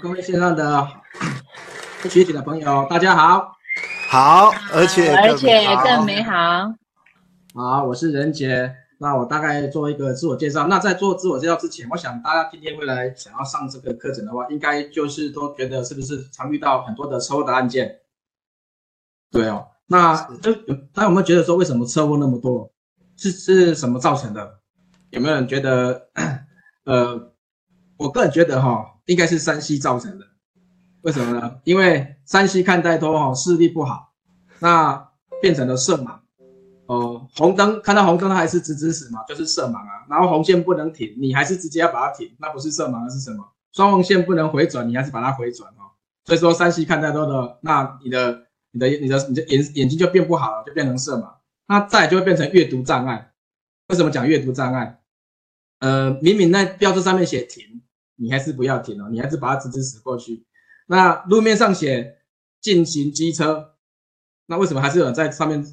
各位線上的、學體的朋友，大家好，好，而且而且更美好，啊、美好，好，我是人傑，那我大概做一個自我介紹。那在做自我介紹之前，我想大家今天會來想要上這個課程的話，應該就是都覺得是不是常遇到很多的車禍的案件，對哦。那有沒有覺得說，為什麼車禍那麼多，是是什麼造成的？有沒有人覺得？呃，我個人覺得哈。應該是 3C 造成的，為什麼呢？因為 3C 看太多哦，視力不好，那變成了色盲。哦、呃，紅燈看到紅燈，它還是直直駛嘛，就是色盲啊。然後紅線不能停，你還是直接要把它停，那不是色盲那是什麼？雙黃線不能回轉，你還是把它回轉哦。所以說 3C 看太多的，那你的、你的、你的、你的眼眼睛就變不好了，就變成色盲。那再也就會變成閱讀障礙。為什麼講閱讀障礙？呃，明明那標誌上面寫停。你還是不要停了，哦，你還是把它直直駛過去。那路面上寫“禁行機車”，那為什麼還是有人在上面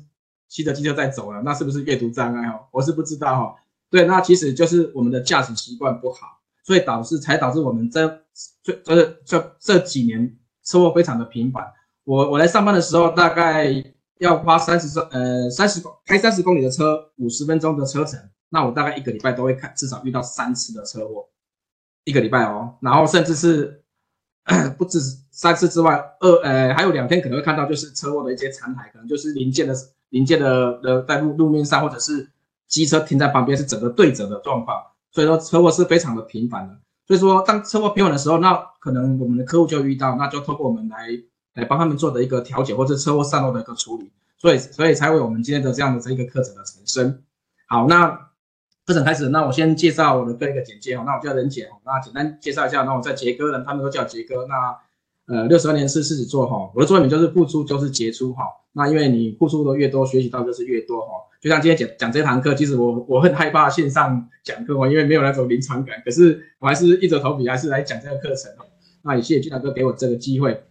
騎着機車在走呢？那是不是閱讀障礙哦？我是不知道哈，哦。對，那其實就是我們的駕駛習慣不好，所以導致才導致我們這這這這幾年車禍非常的頻繁。我我來上班的時候，大概要花三十呃三十開三十公里的車，五十分鐘的車程。那我大概一個禮拜都會看至少遇到三次的車禍。一個禮拜哦，然後甚至是不止三次之外，二呃還有兩天可能會看到就是車禍的一些殘骸，可能就是零件的零件的呃在路路面上，或者是機車停在旁邊是整個對折的狀況。所以說車禍是非常的頻繁的，所以說當車禍頻繁的時候，那可能我們的客戶就遇到，那就透過我們來來幫他們做的一個調解或者是車禍善後的一個處理，所以所以才會有我們今天的這樣的這一個課程的產生。好，那。課程開始，那我先介紹我的個人一個簡介那我叫人傑，那簡單介紹一下，那我在杰哥的他們都叫杰哥，那呃六十二年是獅子座我的座右銘就是付出就是傑出那因為你付出的越多，學習到就是越多就像今天講講這堂課，其實我我很害怕線上講課因為沒有那種臨場感，可是我還是硬著頭皮還是來講這個課程那也謝謝俊大哥給我這個機會，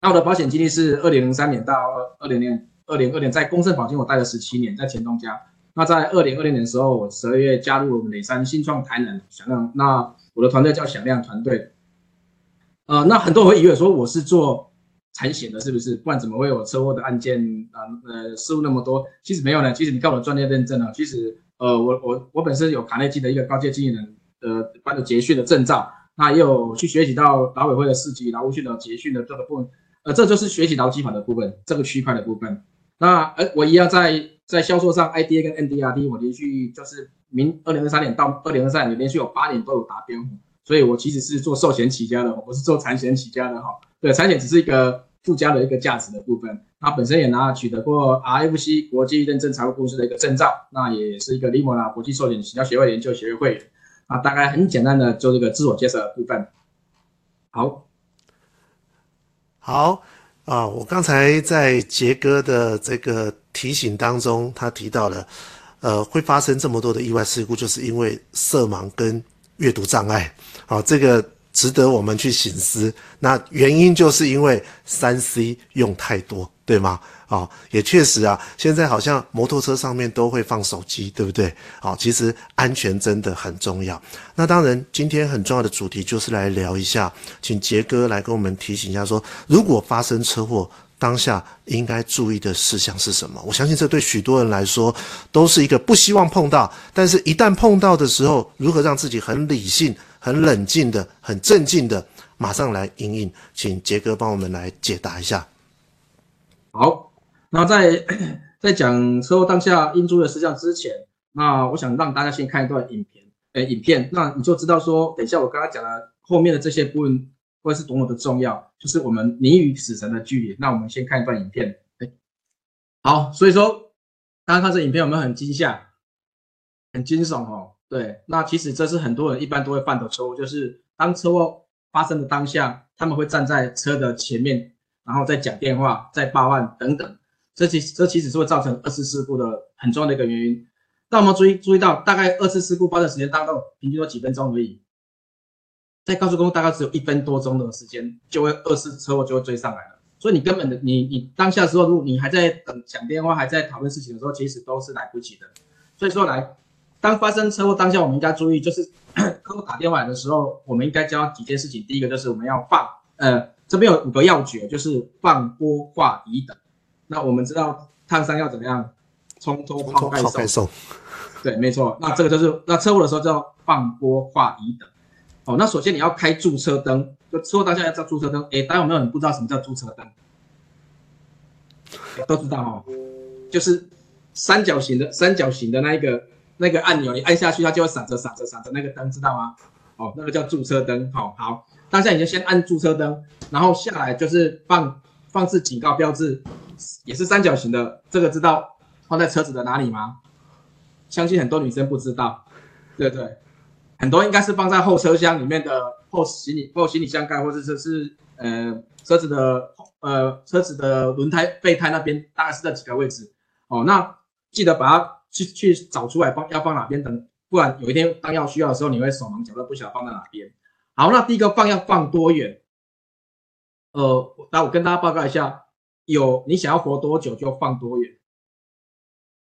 那我的保險經歷是二零零三年到二零零二零二年，在公勝保險我待了十七年，在前東家。那在二零二零年的時候，我十二月加入我們磊山心創台南響亮那我的團隊叫響亮團隊。呃，那很多人會以為說我是做產險的，是不是？不然怎麼會有車禍的案件啊？呃，事故那麼多？其實沒有呢，其實你看我的專業認證啊，其實呃，我我我本身有卡內基的一個高階經理人呃班的結訓的證照。那也有去學習到勞委會的四級勞務訓的結訓的這個部分。呃，這就是學習勞基法的部分，這個區塊的部分。那呃，我一樣在。在銷售上，IDA 跟 MDRT 我連續就是明二零二三年，到二零二三年連續有八年都有達標，所以我其實是做壽險起家的，我不是做產險起家的哈。對，產險只是一個附加的一個價值的部分，那本身也拿取得過 RFC 國際認證財務公司的一個證照，那也是一個利莫納國際壽險企業協會研究學會會員。大概很簡單的就這個自我介紹的部分，好，好。啊，我剛才在杰哥的這個提醒當中，他提到了，呃，會發生這麼多的意外事故，就是因為色盲跟閱讀障礙，好、啊，這個值得我們去省思。那原因就是因為三 C 用太多。對嗎？啊、哦，也確實啊。現在好像摩托車上面都會放手機，對不對？哦，其實安全真的很重要。那當然，今天很重要的主題就是來聊一下，請傑哥來跟我們提醒一下說，說如果發生車禍，當下應該注意的事項是什麼？我相信這對許多人來說都是一個不希望碰到，但是一旦碰到的時候，如何讓自己很理性、很冷靜的、很鎮靜的，馬上來因應，請傑哥幫我們來解答一下。好，那在在講車禍當下應注意的事項之前，那我想讓大家先看一段影片，哎，影片，那你就知道說，等一下我剛剛講的後面的這些部分會是多麼的重要，就是我們你與死神的距離。那我們先看一段影片，哎，好，所以說，大家看這影片，我們很驚嚇，很驚悚哦，對，那其實這是很多人一般都會犯的錯誤，就是當車禍發生的當下，他們會站在車的前面。然後再講電話，再報案等等，這其這其實是會造成二次事故的很重要的一個原因。那我們注意注意到，大概二次事故發生的時間大概平均都幾分鐘而已，在高速公路大概只有一分多鐘的時間就會二次車禍就會追上來了。所以你根本的你你當下的時候，你你還在等講電話，還在討論事情的時候，其實都是來不及的。所以說來，當發生車禍當下，我們應該注意就是客戶 打電話來的時候，我們應該教幾件事情。第一個就是我們要放，呃這邊有五個要訣，就是放撥劃移等。那我們知道，燙傷要怎麼樣？沖脫泡蓋送。開對，沒錯。那這個就是，那車禍的時候就要放撥劃移等。好、哦，那首先你要開駐車燈，就車禍大家要照駐車燈。哎，大家有沒有很不知道什麼叫駐車燈？都知道哦，就是三角形的三角形的那一個那個按鈕，你按下去它就會閃着閃着閃着那個燈，知道嗎？哦，那個叫駐車燈。好、哦、好。大家已經先按駐車燈，然後下來就是放放置警告標誌，也是三角形的。這個知道放在車子的哪裡嗎？相信很多女生不知道，對不對？很多應該是放在後車廂裡面的後行李後行李箱蓋，或者是是呃車子的呃車子的輪胎備胎那邊，大概是這幾個位置哦。那記得把它去去找出來放，要放哪邊等，不然有一天當要需要的時候，你會手忙腳亂，不曉得放在哪邊。好，那第一個放要放多遠？呃，那我跟大家報告一下，有你想要活多久就放多遠。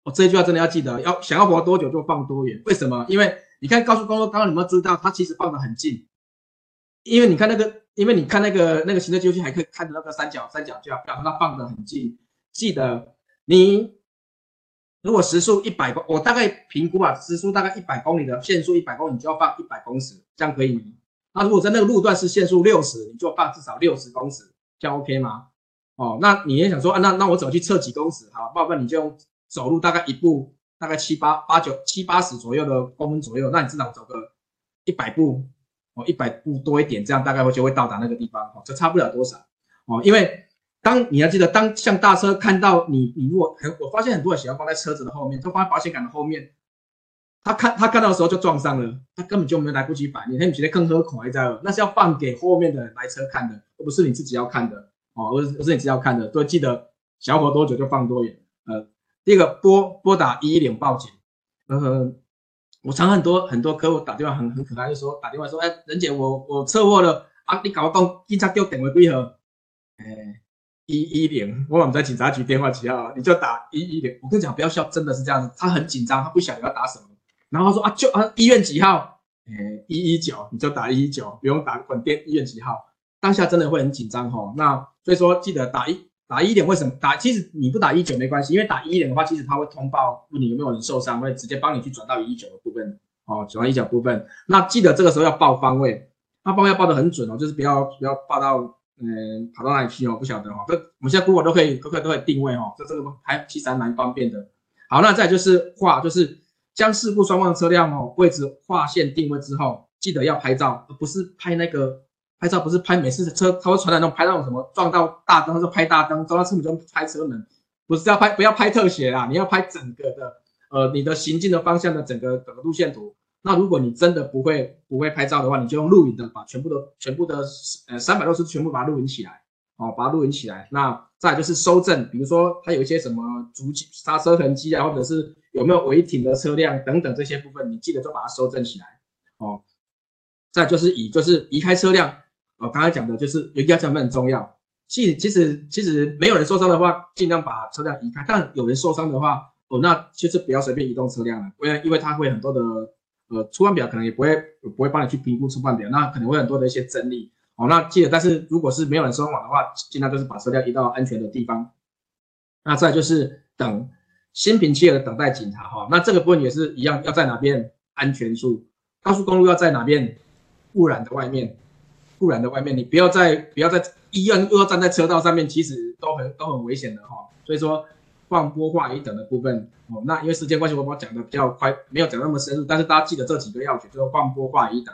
我這句話真的要記得，要想要活多久就放多遠。為什麼？因為你看高速公路，剛剛你們都知道它其實放的很近，因為你看那個，因為你看那個那個行車記錄器還可以看到那個三角三角架，表示它放的很近。記得你，你如果時速一百公，我大概評估啊，時速大概一百公里的限速一百公里，你就要放一百公尺，這樣可以。那如果在那個路段是限速六十，你就放至少六十公尺，這樣 OK 嗎？哦，那你也想說、啊、那那我走去測幾公尺，好，要不然你就走路大概一步大概七八八九七八十左右的公分左右，那你至少走個一百步哦，一百步多一點，這樣大概會就會到達那個地方哦，這差不了多少哦，因為當你要記得，當像大車看到你，你如果很，我發現很多人喜歡放在車子的後面，他放在保險桿的後面。他看他看到的時候就撞上了，他根本就沒有來不及反應，他覺得，更何況還在了，那是要放給後面的來車看的，而不是你自己要看的哦，不是不是你自己要看的，哦、都是你自己要看的，記得想活多久就放多遠。呃，第一個撥撥打一一零報警。呃，我常很多很多客戶打電話很很可愛就，就說打電話說，哎，人傑我我車禍了啊，你搞不動，警察我點違歸何。哎，一一零，我們在警察局電話起要、啊、你就打一一零，我跟你講不要笑，真的是這樣子，他很緊張，他不曉得要打什麼。然後他說啊，就啊醫院幾號？誒，一一九，你就打一一九，不用打滾定醫院幾號。當下真的會很緊張吼、哦，那所以說記得打一打一點，為什麼打？其實你不打一九沒關係，因為打一點的話，其實它會通報問你，問你有沒有人受傷，會直接幫你去轉到一一九的部分哦，轉到醫療部、哦、部分。那記得這個時候要報方位，那方位要報的很準哦，就是不要不要報到嗯、呃、跑到哪裡去哦，不曉得哦。這我們現在 Google 都可以可可都可以定位哦，這這個還其實還蠻方便的。好，那再就是話就是。將事故雙方車輛哦，位置劃線定位之後，記得要拍照，而不是拍那個，拍照不是拍每次的車，它會傳來那種拍，那種什麼撞到大燈，或者拍大燈，撞到車門就拍車門，不是要拍，不要拍特寫啊，你要拍整個的，呃，你的行進的方向的整個整個路線圖。那如果你真的不會不會拍照的話，你就用錄影的，把全部的全部的呃三百六十度全部把它錄影起來、哦、把它錄影起來。那再就是收證，比如說它有一些什麼足跡、剎車痕跡啊，或者是有沒有違停的車輛等等這些部分，你記得就把它收證起來哦。再就是移，就是移開車輛，我剛才講的就是移開車輛很重要。其其實其實沒有人受傷的話，尽量把車輛移開。但有人受傷的話，哦，那就是不要隨便移動車輛了，因為因為它會很多的呃初判表，可能也不會不會幫你去評估初判表，那可能會很多的一些爭議。哦，那記得，但是如果是沒有人受傷的話，盡量就是把車輛移到安全的地方。那再來就是等，心平氣和等待警察哈、哦。那這個部分也是一樣，要在哪邊安全處，高速公路要在哪邊汙染的外面，汙染的外面，你不要在不要在醫院又要站在車道上面，其實都很都很危險的哈、哦。所以說，放、撥、劃、移、等的部分哦。那因為時間關係，我們講的比較快，沒有講那麼深入，但是大家記得這幾個要訣，就是放、撥、劃、移、等。